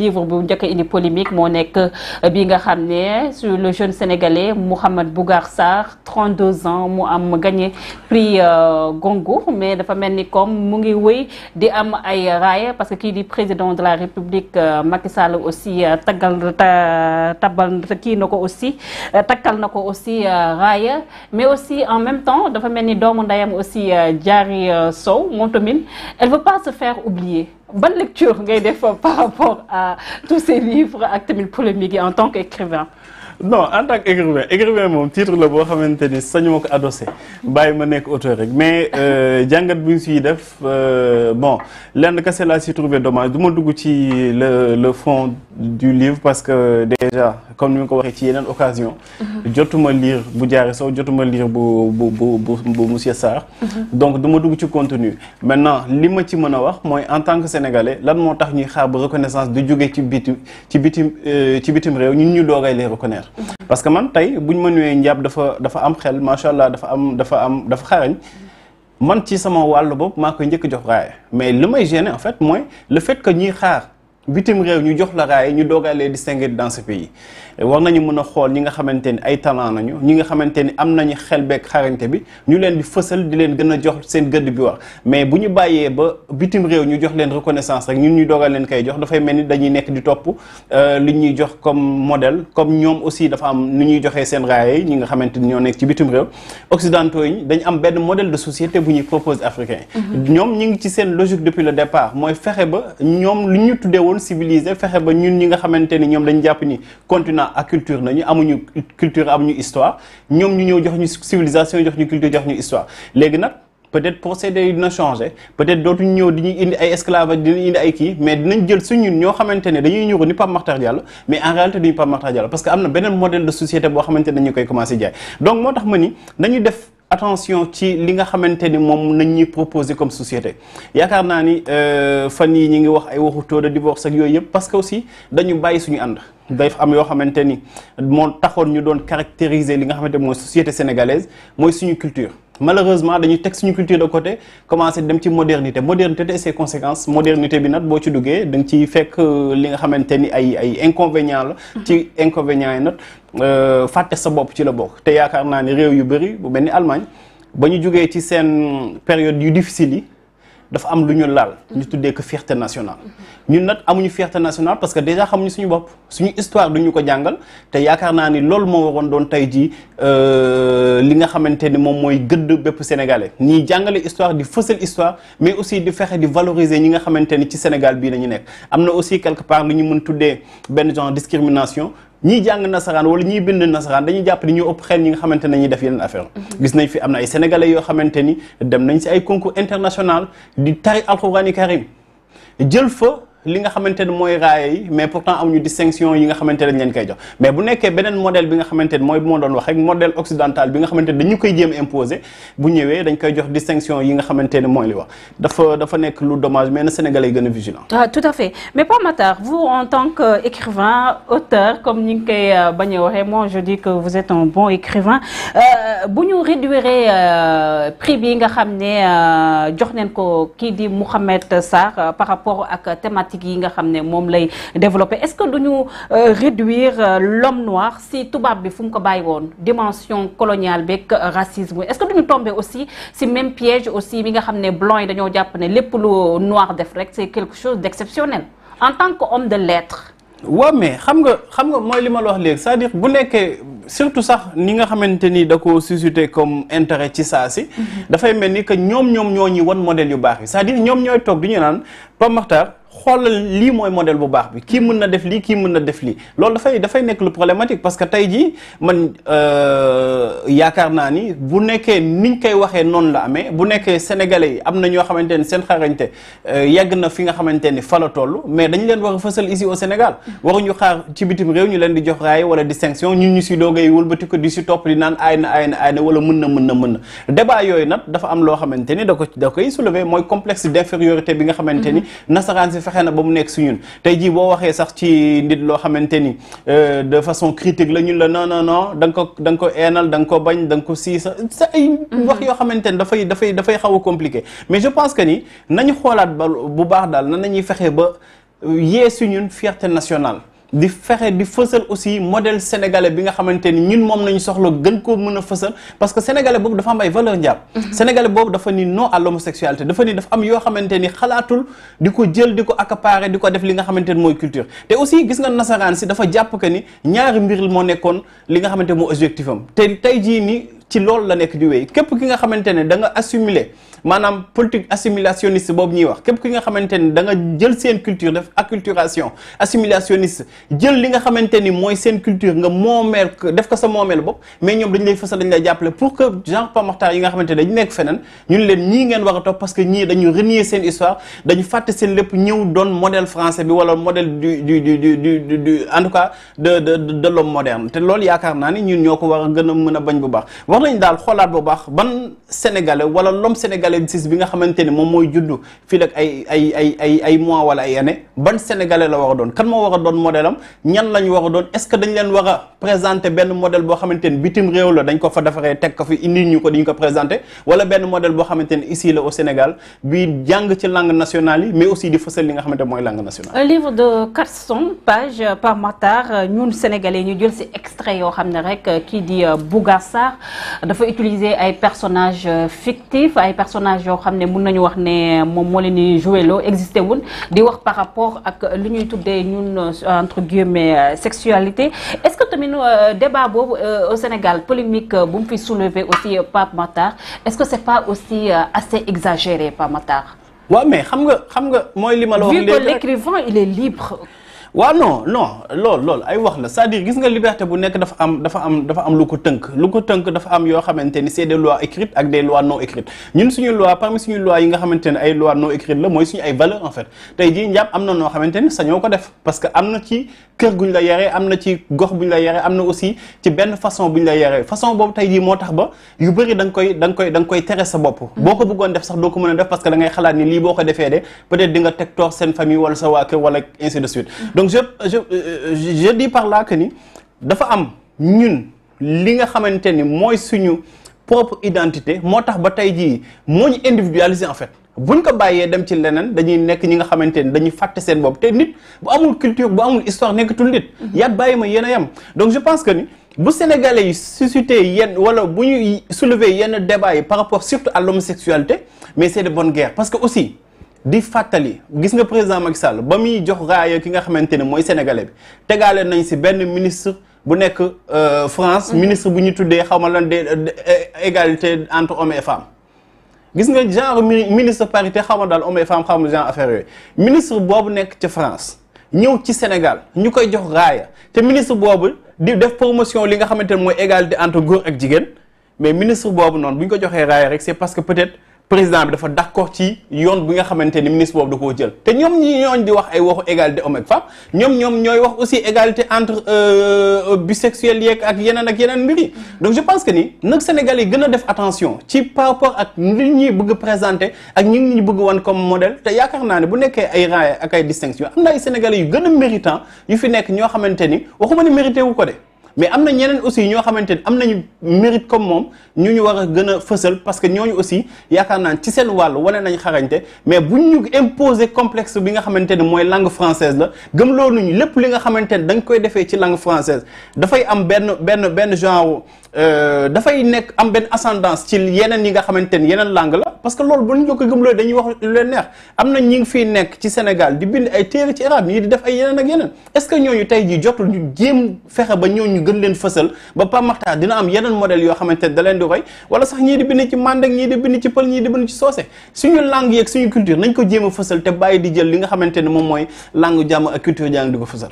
livre bu njëkk indi polémique moo nekk euh, bi nga xam ne sur le jeune sénégalais Mouhamed Bougar Sarr 32 ans mu am gagné prix euh, Goncourt mais dafa mel ni comme mu ngi wéy di am ay raaya parce que kii di président de la république euh, Macky Sall aussi taggal tabal kii na ko aussi takkal na ko aussi raaya mais aussi en même temps dafa mel ni doomu ndayam aussi Diary Sow moom tamit elle veut pas se faire oublier ban lecture ngay def par rapport à tous ces livres ak tamit polémique yi en tant qu'écrivain non en tant que écrivain écrivain moom titre la boo xamante ni sañu ko adossé bàyyi ma nekk auteur rek mais euh, jàngat bu ñu siy def euh, bon lenn kese laa si trouvé dommage du ma dugg ci le le fond du livre parce que déjà comme ni mu ko waxee ci yeneen occasion mhm. jotuma liir bu jaare sow jotuma lire bu bu bu bu monsieur Sarr mhm. donc duma dugg ci contenu maintenant li ma ci mën a wax mooy en tant que sénégalais lan moo tax ñuy xaar ba reconnaissance du jóge ci bitim ci bitim euh, ci bitim réew ñun ñu doogay les reconnaître parce que man tey buñ ma nuwee njaab dafa dafa am xel macha allah dafa am dafa am dafa xarañ man ci sama wàll boobu maa koy njëkk jox raaye mais li may gêner en fait mooy le fait que ñuy xaar bitim réew ñu jox la raaye ñu doogalee distinguer dans ce pays war nañu mën a xool ñi nga xamante ni ay talent nañu ñi nga xamante ni am nañu xel beeg xarañte bi ñu leen di fësal di leen gën a jox seen gëdd bi wax mais bu ñu bàyyee ba bitim réew ñu jox leen reconnaissance rek ñun ñu dogal leen koy jox dafay mel ni dañuy nekk di topp euh, li ñuy jox comme modèle comme ñoom aussi dafa am ni ñuy joxee seen raaya ñi nga xamante ni ñoo nekk ci bitim réew occidentaux yi dañ am benn model de société bu ñuy propose africain mm-hmm. ñoom ñu ngi ci seen logique depuis le départ mooy fexe ba ñoom li ñu tuddee woon civilisé fexe ba ñun ñi nga xamante ni ñoom dañ jàpp ni continent acculture nañu amuñu culture amuñu histoire ñoom ñu ñëw jox ñu civilisation jox ñu culture jox ñu histoire léegi nag peut-être procédé yi dina changé peut-être dootuñu ñëw diñuy indi ay esclavage dinañ indi ay kii mais dinañ jël suñu ñoo xamante ne dañuy ñëw ni Pape Makhtar mais en réalité duñu parce que am na beneen modèle de société boo xamante ne dañu koy commencé jaay donc moo tax ma ni nañu def attention ci li nga xamante ni moom nañ ñuy proposé comme société yaakaar naa ni euh, fan yi ñu ngi wax ay waxu taux de divorce ak yooyu yëpp parce que aussi dañu bàyyi suñu ànd day am yoo xamante ni moo taxoon ñu doon caractériser li nga xamante mooy société sénégalaise mooy suñu culture malheureusement dañuy teg suñu culture de coté commencé dem ci modernité modernité te ses conséquences modernité bi nag boo ci duggee da nga ciy fekk euh, li nga xamante ni ay ay inconvénients la mm-hmm. ci inconvénients yi nag euh, fàtte sa bopp ci la bokk te yaakaar naa ne réew yu bëri bu mel ni Allemagne ba ñu jugee ci seen période yu difficile yi dafa am lu ñu laal ñu tuddee ko fierté nationale ñun nag amuñu fierté nationale parce que déjà xamuñu suñu bopp suñu histoire ñu ko jàngal te yaakaar naa ni loolu moo waroon doon tey jii euh, li nga xamante ni moom mooy gëdd bépp sénégalais ñiy jàngale histoire di fësal histoire mais aussi di fexe di valoriser ñi nga xamante ni ci Sénégal bii nañu nekk am na aussi quelque part lu ñu mën tuddee benn genre discrimination ñiy jàng nasaraan wala ñiy bind nasaraan dañuy jàpp ñu ëpp xel ñi nga xamante ne ñuy def yeneen affaire mhm. gis nañ fi am na ay sénégalais yoo xamante ni dem nañ si ay concours international di tari alxuraani karim jël fa li nga xamante ne mooy raaya yi mais pourtant amuñu distinction yi nga xamante ne dañ jox mais bu nekkee beneen modèle bi nga xamante ne mooy bu ma doon wax rek modèle occidental bi nga xamante dañu koy jéem imposé bu ñëwee dañ koy jox distinction yi nga xamante ne mooy li wax dafa dafa nekk lu dommage mais na yi gën a vigilant ah tout à fait mais pas Matar vous en tant que écrivain auteur comme ñi ngi koy euh, bañ a waxee moi je dis que vous êtes un bon écrivain euh, euh, nga xam ne jox neen ko kii di Mouhamed Sarr par rapport ak thématique pratique yi nga xam ne moom lay développé est-ce que du ñu euh, réduire euh, l'homme noir si tubaab bi fu mu ko bàyyi woon dimension coloniale beeg euh, racisme est-ce que du ñu tombé aussi si même piège aussi bi nga xam ne blanc yi dañoo jàpp ne lépp lu noir def rek c'est quelque chose d'exceptionnel en tant qu'homme de lettres waaw mais xam nga xam nga mooy li ma la wax léegi cest dire bu nekkee surtout sax ni nga xamante ni da ko suscité comme intérêt ci saa si. Mhm. dafay mel ni que ñoom ñoom ñoo ñuy wan modèle yu baax yi cest ñoom ñooy toog du ñu naan Pape xoolal lii mooy modèle bu baax bi kii mën na def lii kii mën na def lii loolu dafay dafay nekk lu problématique parce que tey jii man euh, yaakaar naa ni bu nekkee niñ koy waxee noonu la amee bu nekkee sénégalais yi am na ñoo xamante ni seen xarañte euh, yàgg na fi nga xamante ni fa la toll mais dañu leen war a fësal ici au Sénégal waruñu xaar ci bitim réew ñu leen di jox raay wala distinction ñun ñu si doogay wëlbati ko di si topp di naan aay na aay na aay na wala mën na mën na mën n débat yooyu nag dafa am loo xamante ni da ko da koy soulever mooy complexe d'infériorité bi nga xamante si fexe na ba mu nekk si ñun tey jii boo waxee sax ci nit loo xamante ni euh, de façon critique la ñun la non no non da ko danga ko eenal danga ko bañ danga ko siisa sa ay mhm. wax yoo xamante ni dafay dafay dafay xaw a compliqué mais je pense que nii nañu xoolaat ba bu baax daal nan nañuy fexe ba yee si ñun fierté nationale di fexe di fësal aussi modèle sénégalais bi nga xamante ni ñun moom nañu soxla gën koo mën a fësal parce que sénégale boobu dafa am ay valeur njaam mhm. sénégalais boobu dafa ni non à l'homosexualité dafa ni dafa am yoo xamante ni xalaatul di ko jël di ko accaparer di ko def li nga xamante ni mooy culture te aussi gis nga nasaraan si dafa jàpp que ni ñaari mbir moo nekkoon li nga xamante moo objectif am te tey jii ni ci loolu la nekk di wéy képp ki nga xamante ne danga nga assimiler maanaam politique boobu ñuy wax képp ki nga xamante ni da nga jël seen culture def acculturation assimilationniste jël li nga xamante ni mooy seen culture nga moomeel def ko sa moomeel bopp mais ñoom dañ lay fësal dañ lay jàppale pour que genre pamartar yi nga xamante ne dañu nekk feneen ñun leen ñii ngeen war a que ñii dañu renier seen histoire dañu fàtte seen lépp ñëw doon modèle français bi wala modèle du du du du du en tout cas de de de l'homme moderne te loolu yaakaar naa ni ñun ñoo ko war a gën a mën a bañ bu baax war nañ daal xoolaat bu baax ban sénégalais wala l'homme sénégalais nga xamante ni moom mooy juddu fii nag ay ay ay ay ay mois wala ay années la war a doon kan moo war a doon modèle am ñan a doon est dañ leen war a présenter benn modèle boo xamante ni bitim réew la dañ ko fa defaree teg ko fi indi ñu ko diñ ko présenter wala benn modèle boo xamante ni ici la au Sénégal bi jàng ci langue nationale yi mais aussi di fësal li nga xamante mooy langue nationale. un livre de 400 pages par Matar ñun sénégalais ñu jël si extrait yoo xam ne rek kii di euh, Bouga Sarr dafa utiliser ay personnages euh, fictifs ay personnages yoo xam ne mun nañu wax ne euh, moom moo leen di joué loo existé wul di wax par rapport ak euh, lu ñuy tuddee ñun entre guillemets sexualité est-ce que tamit débat boobu au Sénégal polémique bu mu fi soulever aussi Pape Matar est-ce que c'est pas aussi assez exagéré Pape Matar waaw mais xam que l'écrivain il est libre waaw no non lool lool ay wax la c'est-à-dire gis nga liberté bu nekk dafa am dafa am dafa am lu ko tënk lu ko tënk dafa am yoo xamante ni c'est des lois écrites ak des lois non écrites ñun suñu loi parmi suñu loi yi nga xamante ne ay lois non écrites la mooy suñu ay valeurs en fait tey jii njàpp am na noo xamante ni sañoo ko def parce que am na ci kër guñ la yaree am na ci gox bu ñu la yare am na aussi ci benn façon buñ la yaree façon boobu tey jii moo tax ba yu bëri da nga koy da nga koy da nga koy tere ko bëggoon def a def parce que da ngay ni lii boo defee de peut-être di nga teg sa waa kër wala ainsi donc je je euh, je dis par là que ni dafa am ñun li nga xamante ni mooy suñu propre identité moo tax ba tey jii moo ñu individualiser en fait bu ñu ko bàyyee dem ci leneen dañuy nekk ñi nga xamante ni dañuy fàtte seen bopp te nit bu amul culture bu amul histoire nekkatul nit. Mhm. yaat bàyyi ma yéen a yem donc je pense que ni. bu sénégalais yi suscité yenn wala bu ñuy soulever yenn débat yi par rapport surtout à l'homosexualité mais c'est de bonne guerre parce que aussi. di fàttali gis nga président Macky Sall ba muy jox raaya ki nga xamante ne mooy sénégalais bi tegaale nañ si benn ministre bu nekk euh, France mhm. ministre bu ñu tuddee xaw ma lan de euh, égalité entre hommes et gis nga genre ministre parité xaw ma daal hommes et femmes xaw ma genre affaire yooyu ministre boobu nekk ca France ñëw ci Sénégal ñu koy jox raaya te ministre boobu di def promotion li nga xamante ni mooy égalité entre góor ak jigéen mais ministre boobu noon bu ko joxee raaya rek c'est parce que peut président bi dafa d'accord ci yoon bi nga xamante ni ministre boobu da koo jël te ñoom ñi ñooñ di wax ay waxu égalité homme fa femme ñoom ñoom ñooy wax aussi égalité entre euh, bisexuels yeeg ak yeneen ak yeneen mbiri yi donc je pense que ni nag Sénégal yi gën a def attention ci par rapport ak li ñuy bëgg présenter ak ñi ngi ñu bëgg wan comme modèle te yaakaar naa ne bu nekkee ay rang ak ay distinction am na ay Sénégalais yu gën a méritant yu fi nekk ñoo xamante ni waxuma ni mérité wu ko de mais am na ñeneen aussi ñoo xamante ni am nañu mérite comme moom ñu ñu war a gën a fësal parce que ñooñu aussi yaakaar naa ci seen wàll wane nañ xarañte mais buñ ñu imposer complexe bi nga xamante ne mooy langue française la gëm loolu ñu lépp li nga xamante ni dañ koy defee ci langue française dafay am benn benn benn genre Euh, dafay nekk am benn ascendance ci yeneen yi nga xamante ni yeneen langue la parce que loolu bu ñu ko gëmloo dañuy wax lu leen neex am na ñi ngi fiy nekk ci Sénégal di bind ay téere ci arabe ñii di def ay yeneen ak yeneen est ce que ñooñu tey jii jotul jéem fexe ba ñooñu gën leen fësal ba Pape dina am yeneen modèle yoo xamante ni da leen di roy wala sax ñii di bind ci mandeng ñii di bind ci pël ñii di bind ci soose suñu langue yeeg suñu culture nañ a fësal te bàyyi di mooy langue jàmm ak culture jàng ko fësal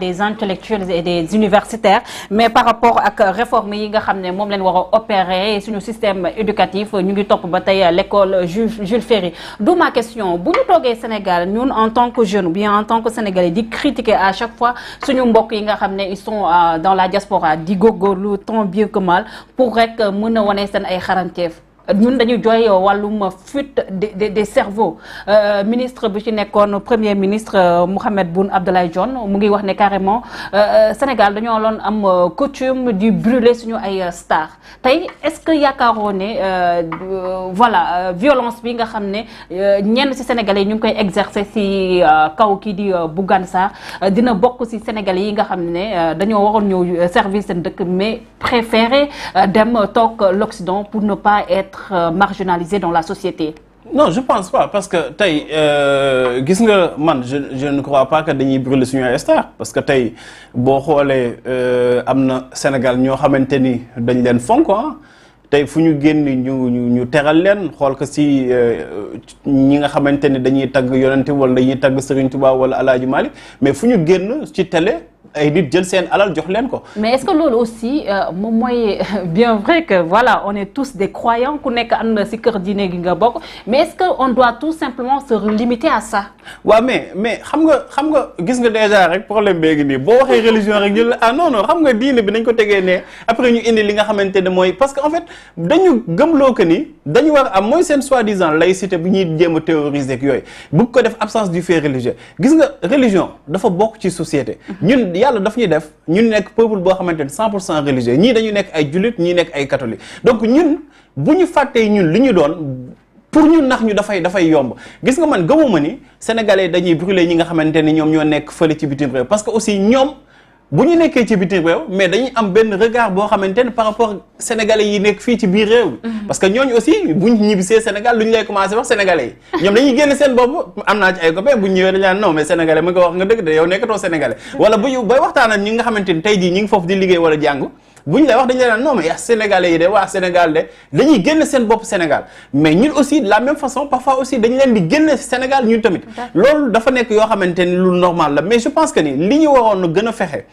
des intellectuels et des universitaires mais par rapport ak réforme yi nga xam ne moom leen war a opérer suñu système éducatif ñu ngi topp ba tey l'école Jules Ferry d'où ma question bu ñu toogee Sénégal ñun en tant que jeune ou bien en tant que sénégalais di critiquer à chaque fois suñu mbokk yi nga xam ne ils sont euh, dans la diaspora di góorgóorlu tant bien que mal pour rek mën a wane seen ay xaranteef ñun dañu jooy wàllum fuite des des cerveaux euh, ministre bi ci nekkoon premier ministre euh, Mohamed Boun Abdallah Dionne mu ngi wax ne carrément euh, Sénégal dañoo loon am coutume di brûler suñu ay stars tey est-ce que yaakaaroo ne voilà violence bi nga xam ne ñenn ci yi ñu ngi koy exercer ci kaw kii di Bougane Sarr dina bokk ci sénégal yi nga xam ne dañoo waroon ñëw service seen dëkk mais préféré dem toog l'Occident pour ne pas être être euh, marginalisés dans la société non je pense pas parce que tey euh, gis nga man je je ne crois pas que dañuy brûler suñu ay star parce que tey boo xoolee euh, am na Sénégal ñoo xamante ni dañ leen fonk ah. tey fu ñu génn ñu ñu teral leen xool ko si ñi nga xamante ni dañuy tagg yonente wala dañuy tagg Serigne Touba wala Alaaji Malick mais fu ñu génn ci télé ay nit jël seen alal jox leen ko. mais est-ce que loolu aussi euh, moom mooy bien vrai que voilà on est tous des croyants ku nekk am na si kër diine gi nga bokk mais est-ce que on doit tout simplement se limiter à ça. waaw mais mais xam nga xam nga gis nga déjà rek problème bee ngi nii boo waxee religion rek ñu ah non non xam nga diine bi nañ ko tegee ne après ñu indi li nga xamante ne mooy parce que en fait dañu gëmloo que ni dañu war am mooy seen soi-disant laïcité bu ñuy jéem a théoriser ak yooyu bëgg ko def absence du fait religieux gis nga religion dafa bokk ci société mm-hmm. yàlla dafa ñuy def ñu nekk peuple boo xamante ni 100 pour cent religieux ñii dañu nekk ay jullit ñii nekk ay catholique donc ñun bu ñu fàttee ñun li ñu doon pour ñu nax ñu dafay dafay yomb gis nga man gëmuma ni sénégalais dañuy brûler ñi nga xamante ni ñoom ñoo nekk fële ci bitim réew parce que aussi ñoom bu ñu nekkee ci biti réew mais dañuy am benn regard boo xamante ne par rapport sénégalais yi nekk fii ci biir réew mi mhm. parce que ñooñu aussi buñ ñibbisee Sénégal lu ñu lay commencé wax sénégalais yi ñoom dañuy génn seen bopp am naa ci ay copains bu ñu ñëwee dañ naan non mu nga wax nga dëgg de yow nekkatoo sénégalais wala bu bay waxtaan ak ñi nga xamante ne tey jii ñi ngi foofu di liggéey wala jàng bu ñu lay wax dañu la naan non mais yaa sénégalais yi de waa Sénégal de dañuy génn seen bopp Sénégal mais ñu aussi de la même façon parfois aussi dañu leen di génn Sénégal ñu tamit. loolu dafa nekk yoo xamante ni lu normal la mais je pense que ni li ñu waxoon gën a fexe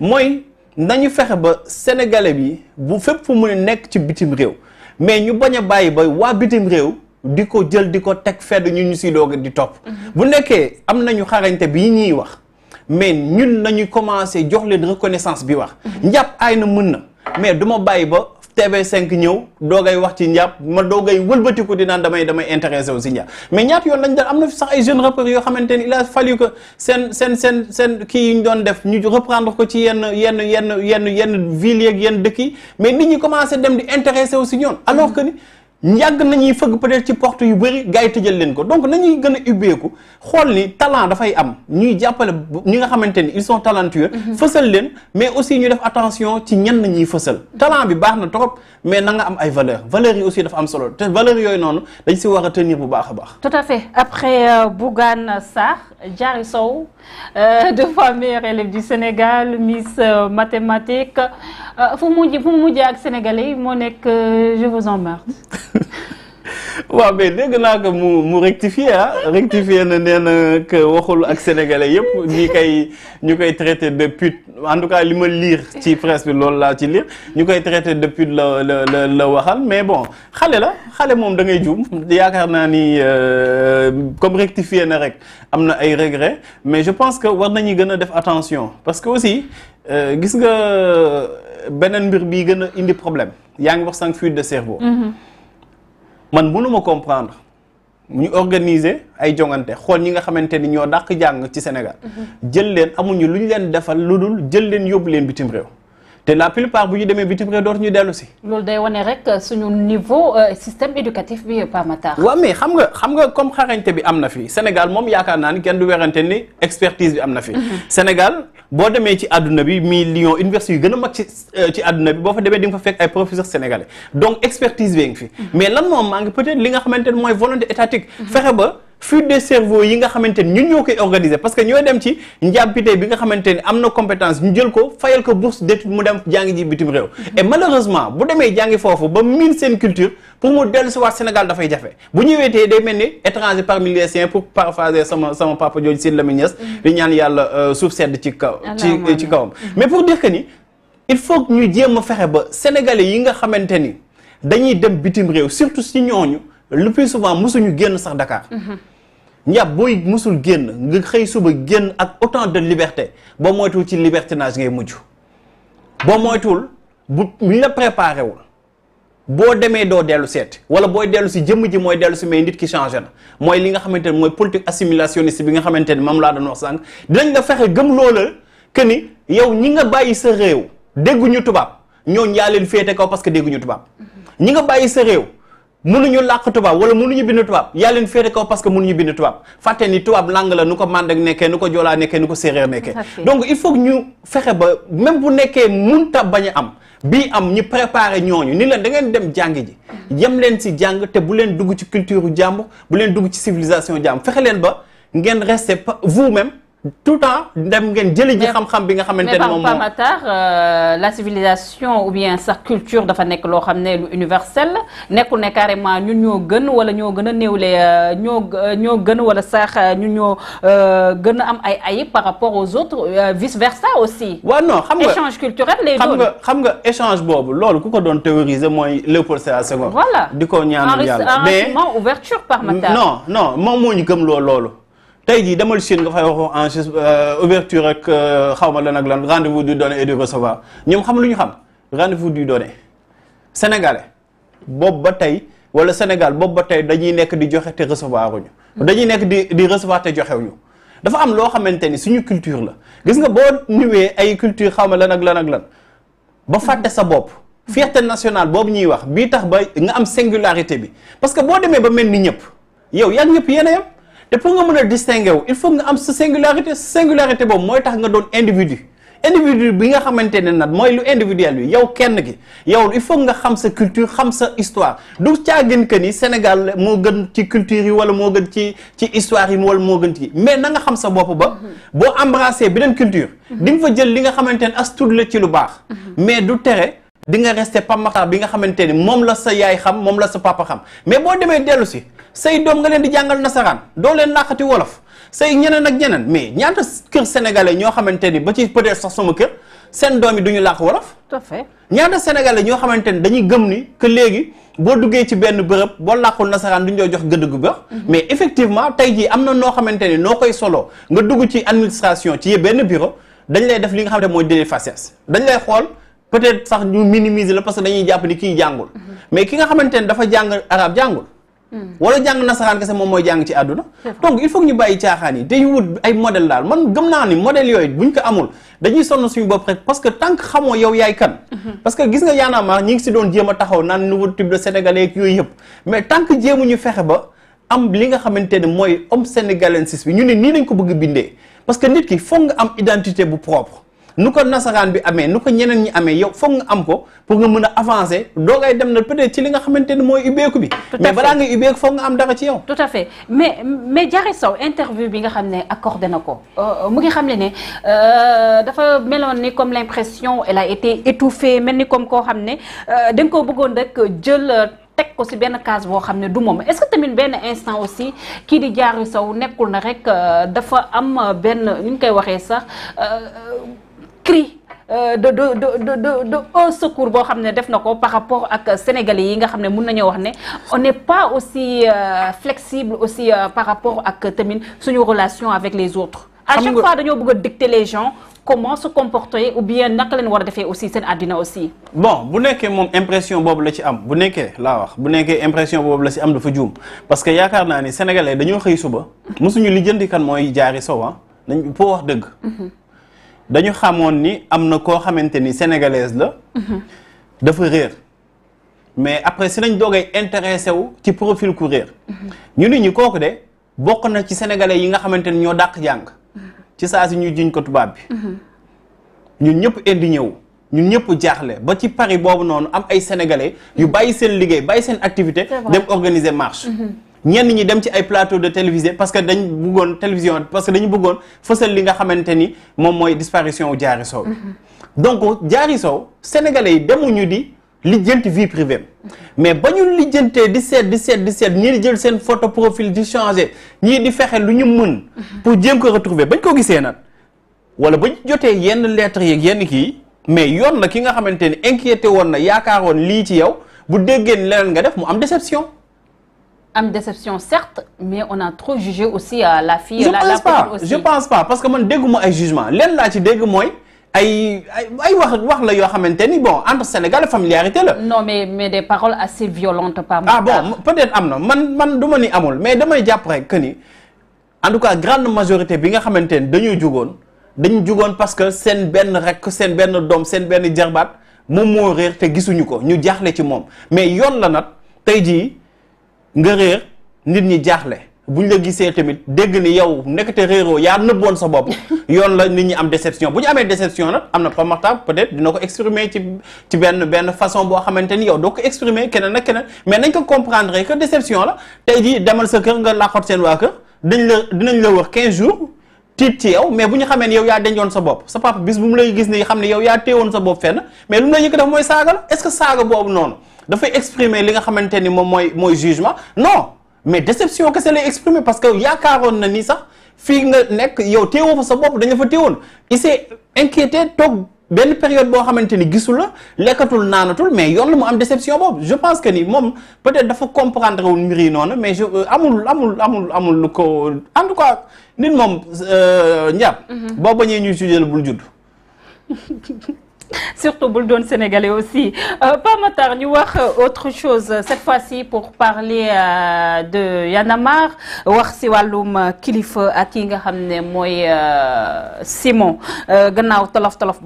mooy nañu fexe ba sénégalais bi bu fépp fu mu nekk ci bitim réew mais ñu bañ a bàyyi ba waa bitim réew. di ko jël di ko teg fedd ñu ñu si doog di topp. Mhm. bu nekkee am nañu xarañte bi ñuy wax. mais ñun nañu commencé jox leen reconnaissance bi wax mhm. njàpp aay na mën na mais du bàyyi ba TV5 ñëw doogaay wax ci njàpp ma doogay wëlbatiku di naan damay damay intéressé wu si njàpp mais ñaata yoon lañ daan am na sax ay jeunes rappeurs yoo xamante ni il a fallu que seen seen seen seen kii yu ñu doon def ñu reprendre ko ci yenn yenn yenn yenn yenn villes yeeg yenn dëkk yi mais nit ñi commencé dem di intéressé wu si ñoon alors que ni yàgg ñuy fëgg peut-être ci porte yu bëri gars yi tëjal leen ko donc nañuy gën a ubbeeku xool ni talent dafay am ñuy jàppale ñi nga xamante ni ils sont talentueux. Mhm. fësal leen mais aussi ñu def attention ci ñenn ñuy fësal. Mhm. talent bi baax na trop mais na nga am ay valeur valeur yi aussi dafa am solo te valeurs yooyu noonu dañ si war a tenir bu baax a baax. tout à fait après euh, Bougane Sarr Diary Sow euh, deux fois meilleure élève du Sénégal Miss euh, mathématique euh, fu mu mujj fu mu mujjee ak sénégalais yi moo nekk je vous emmerde waaw mais dégg naa que mu mu rectifier ah rectifier na nee na que waxul ak sénégalais yëpp ñi koy ñu koy traité de pute en tout cas li ma liir ci presse bi loolu laa ci lire ñu koy traité de pute la la la la waxal mais bon xale la xale moom da ngay juum yaakaar naa ni euh, comme rectifier na rek am na ay regret mais je pense que war nañu gën a def attention parce que aussi euh, gis nga euh, beneen mbir bii gën a indi problème yaa ngi wax sànq fuite de cerveau. Mm man ma comprendre ñu organiser ay jongante xool ñi nga xamante ni ñoo dàq jàng ci Sénégal mm-hmm. jël leen amuñu lu ñu leen defal lu dul jël leen yóbbu leen bitim réew te la plupart bu ñu demee bitim réew dootuñu dellu si. loolu day wane rek euh, suñu niveau euh, système éducatif bi euh, Pape Matar. waaw mais xam nga xam nga comme xarañte bi am na fi Sénégal moom yaakaar naa ni kenn du werante ni expertise bi am na fi. Mhm. Sénégal boo demee ci àdduna bi mi Lyon université yu gën a mag ci ci àdduna bi boo fa demee di fa fekk ay professeurs sénégalais donc expertise bee ngi fi. Mhm. mais lan moom maa ngi peut li nga xamante ne mooy volonté étatique. Mhm. ba. fut de cerveau yi nga xamante ni ñu ñoo koy organiser parce que ñoo dem ci njàppite bi nga xamante ni am na compétence ñu jël ko fayal ko bourse d'étude mu dem jàngi ji bitim réew et malheureusement bu demee jàngi foofu ba miin seen culture pour mu dellu si waat Sénégal dafay jafe bu ñëweetee day mel ni étranger parmi les siens pour paraphraser sama sama papa jooju Sidy Lamine Niass mm-hmm. ñaan yàlla euh, suuf sedd ci kaw ci ci kawam mm-hmm. mais pour dire que ni il faut ñu jéem a fexe ba sénégalais yi nga xamante ni dañuy dem bitim réew surtout si ñooñu le plus souvent mosuñu génn sax Dakar. njàpp mhm. booy mosul génn nga xëy suba génn ak autant de liberté boo moytuwul ci libertinage ngay mujj boo moytuwul bu ñu la préparé boo demee doo dellu seet wala booy dellu si jëmm ji mooy dellu si may nit ki changé na mooy li nga xamante ne mooy politique assimilationniste bi nga xamante ne moom laa doon wax sànq dinañ nga fexe gëm loola que ni yow ñi nga bàyyi sa réew dégguñu tubaab ñooñu yaa leen féete kaw parce que dégguñu tubaab mhm. ñi nga bàyyi sa réew. mënuñu làkk tubaab wala mënuñu bind tubaab yaa leen féete kaw parce que mënuñu bind tubaab fàtte ni tubaab langue la nu ko mandak nekkee nu ko joolaa nekkee nu ko séeréer nekkee donc il faut ñu fexe ba même bu nekkee munta bañ a am bii am ñu préparé ñooñu ni leen da ngeen dem jàng ji yem leen si jàng te bu leen dugg ci culture jàmbur bu leen dugg ci civilisation jàmbur fexe leen ba ngeen rester vous-même tout temps dem ngeen jëli ji xam-xam bi nga xamante ne moom mais Pamatar euh, la civilisation bien sax culture dafa nekk loo xam ne lu universel nekkul ne carrément ñun ñoo gën wala ñoo gën a néewle euh, ñoo euh, ñoo gën wala sax ñun ñoo gën am ay ayib par rapport aux versa aussi. waaw non xam nga échange culturel lay xam nga xam boobu loolu ku ko doon théoriser mooy Léopold Sédar Senghor. voilà ko ñaanal yàlla mais enrichissement ouverture Pamatar. moom moo ñu gëm loolu loolu. tey jii demal Chine nga fay waxu en euh, ouverture ak euh, xaw ma lan ak lan rendez-vous du donner et du recevoir ñoom xam lu ñu xam rendez-vous du donner sénégalais boobu ba tey wala Sénégal boobu ba tey dañuy nekk di joxe te recevoir uñu dañuy nekk di di recevoir te joxewuñu dafa am loo xamante ni suñu culture la gis nga boo nuwee ay culture xaw ma lan ak lan ak ba fàtte sa bopp fierté nationale boobu ñuy wax bii tax ba nga am singularité bi parce que boo demee ba mel ni ñëpp yow yaa ñëpp yéen a te pour nga mën a distinguer wu il faut nga am sa singularité singularité boobu mooy tax nga doon individu individu bi nga xamante ne nag mooy lu individuel yi yow kenn gi yow il faut nga xam sa culture xam sa histoire du caagin que yi Sénégal moo gën ci culture yi wala moo gën ci ci histoire yi wala moo gën ci mais na nga xam sa bopp ba boo embrasser beneen culture di nga fa jël li nga xamante ne as tuut la ci lu baax mm-hmm. mais du tere di nga resté Pape bi nga xamante ni moom la sa yaay xam moom la sa papa xam mais boo demee dellu si say doom nga leen di jàngal nasaraan doo leen làqati wolof ñeneen ak ñeneen mais ñaata kër ñoo xamante ni ba ci peut-être sax sama kër seen doom yi duñu làq wolof. tout à fait ñaata ñoo xamante ni dañuy gëm ni que léegi boo duggee ci benn bërëb boo làqul nasaraan duñu jox gëdd gu ba mhm. mais effectivement tey jii am na noo xamante ni noo koy soloo nga dugg ci administration ci benn bureau dañ lay def li nga xamante mooy délit faciès dañ lay xool. peut-être sax ñu minimiser la parce que dañuy jàpp ni kii jàngul mais ki nga xamante ne dafa jàng arab jàngul hmm. wala jàng nasaraan kese moom mooy jàng ci àdduna donc il faut ñu bàyyi caaxaan yi day wut ay model daal man gëm naa ni modèle yooyu buñ ko amul dañuy sonn suñu bopp rek parce que tant xamoo yow yaay kan hmm. parce que gis nga yaanaama ñi ngi si doon jéem a taxaw naan nouveau type de sénégalais ak yooyu yëpp mais tant que ñu fexe ba am li nga xamante ne mooy homme sénégalensis bi ñu ne nii lañ ko bëgg bindee parce que nit ki foog nga am identité bu propre nu ko nasaraan bi amee nu ko ñeneen ñi amee yow foog nga am ko pour nga mën a avancer doo ngay dem na peut-être ci li nga xamante ni mooy ubbeeku bi. mais balaa ngay ubbeeku foog nga am dara ci yow. tout à fait mais mais Diary saw interview bi nga xam ne accordé na ko euh, euh, mu ngi xam ne ne euh, dafa meloon ni comme l'impression elle a été étouffée mel ni comme koo xam ne da nga koo bëggoon rek jël. teg ko ci benn case boo xam ne du moom est-ce que tamit benn instant aussi kii di Diary saw nekkul na rek dafa am benn ñu koy waxee sax cri euh, de de de de de un secours boo xam ne def na ko par rapport ak sénégalais yi nga xam ne mun nañoo wax ne on n'est pas aussi euh, flexible aussi euh, par rapport ak tamit suñu relation avec les autres. à chaque fois dañoo bëgg a dicter les gens comment se comporter ou bien naka leen war a defee aussi seen àddina aussi. bon bu nekkee moom impression boobu la ci am bu nekkee laa wax bu nekkee impression boobu la ci am dafa juum parce que yaakaar naa ni sénégalais dañoo xëy suba. mosuñu lijjanti kan mooy jaari sow ah nañ foo wax dëgg. Mhm. dañu xamoon ni am na koo xamante ni sénégalaise la. dafa réer. mais après si lañ doogay intéressé wu ci profile ku réer. ñu ni ñu kooku de bokk na ci sénégalais yi nga xamante ni ñoo dàq jàng. ci saa si ñu juñ ko tubaab bi. ñu ñëpp indi ñëw. ñu ñëpp jaaxle ba ci Paris boobu noonu am ay sénégalais yu bàyyi seen liggéey bàyyi seen activité. dem organiser marche. Mm-hmm. ñenn ñi dem ci ay plateau de télévisé parce que dañ bëggoon télévision parce que dañu bëggoon fësal li nga xamante ni moom mooy disparition wu Diary Sow mm-hmm. donc jaari Sow sénégalais yi demuñu di lijjanti vie privée mm-hmm. mais ba ñu lijjantee di seet di seet di seet ñii di jël seen photo profil di changé ñii di fexe lu ñu mën mm-hmm. pour jéem ko retrouver bañ ko gisee nag wala bañ jotee yenn lettres yeeg yenn kii mais yoon nag ki nga xamante ni inquiété woon na yaakaaroon lii ci yow bu déggee ni nga def mu am déception am déception certes mais on a trop jugé aussi à euh, la fi je la pense je pense pas parce que man dégguma ay jugement len laa ci dégg mooy. ay ay ay wax wax la yoo xamante ni bon entre Sénégal familiarité la. non mais mais des paroles assez violentes par. ah bon peut-être am na man man du ma ni amul mais damay jàpp rek que ni en tout cas grande majorité bi nga xamante ni dañuy jugoon dañu jugoon parce que seen benn rek seen benn doom seen benn jarbaat moom moo réer te gisuñu ko ñu jaaxle ci moom mais yoon la nag nga réer nit ñi jaaxle ñu la gisee tamit dégg ni yow nekkate réeroo yaa nëbboon sa bopp yoon la nit ñi am déception bu ñu amee déception nag am na pamaxta peut-être dina ko exprimer ci ci benn benn façon boo xamante ni yow doo ko exprimer keneen ak keneen mais nañ ko comprendre que déception la tey jii demal sa kër nga làqoot seen waa kër dañ la dinañ la wër 15 jours tiit ci yow mais bu ñu xamee ne yow yaa dencoon sa bopp sa papa bis bu mu sa bopp fenn la dafay exprimer li nga xamante ni moom mooy mooy jugement non mais déception kese lay exprimer parce que yaakaaroon na ni sax fii nga nekk yow teewoo fa sa bopp dañu fa teewoon il s'est inquiété toog benn période boo xamante ni gisul la lekkatul naanatul mais yoon la mu am déception boobu je pense que nii moom peut-être dafa comprendre wul yi noonu mais je euh, amul amul amul amul lu ko en tout cas nit moom euh, Ndiaye. Mhm. boo bañee ñuy sujeel bul judd. surtout bul doon sénégalais aussi euh, Pape Matar ñu wax autre chose cette fois-ci pour parler euh, de Y'en a marre wax si wàllum kilifa ak yi nga xam ne mooy euh, Simon gannaaw tolof tolof.